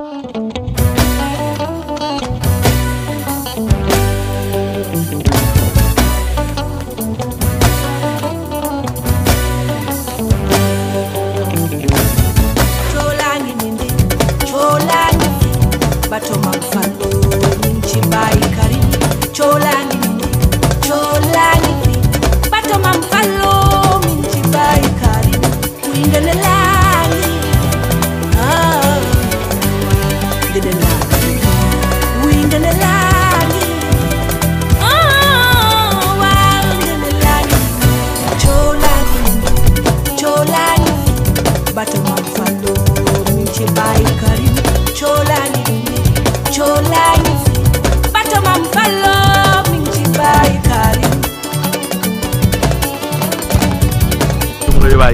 thank you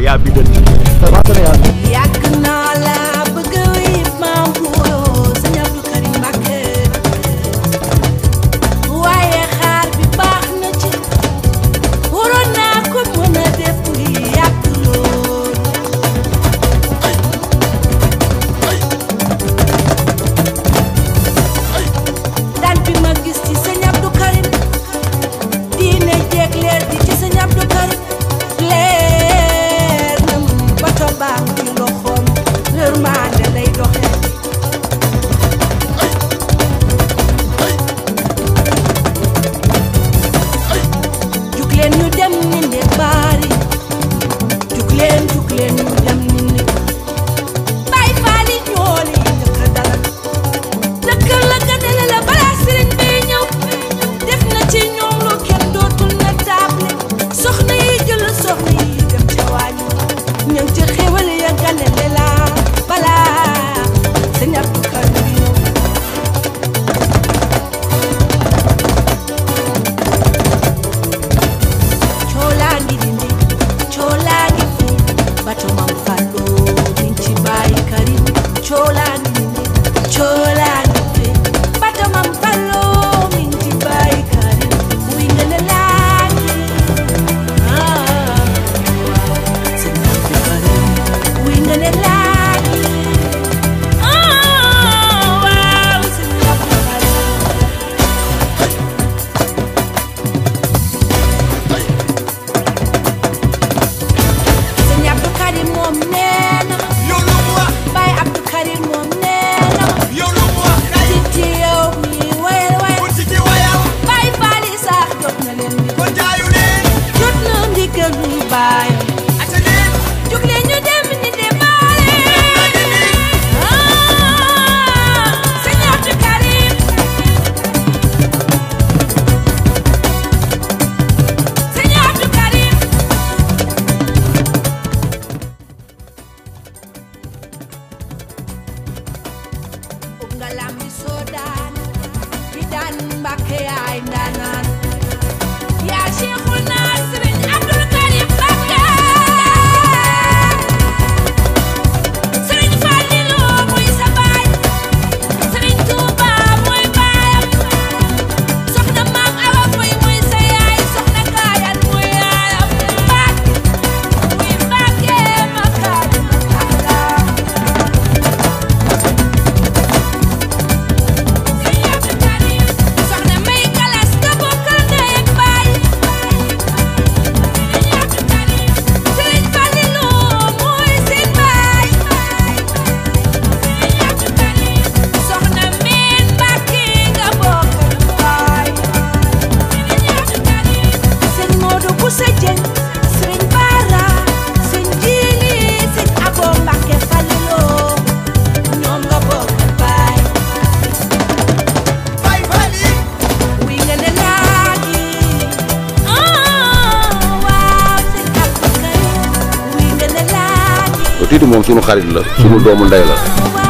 या बिगड़ चुकी है Galam Sodan, Kidan Bakke Aindanan. Sidi moom sunu xarit la. sunu doomu ndey la.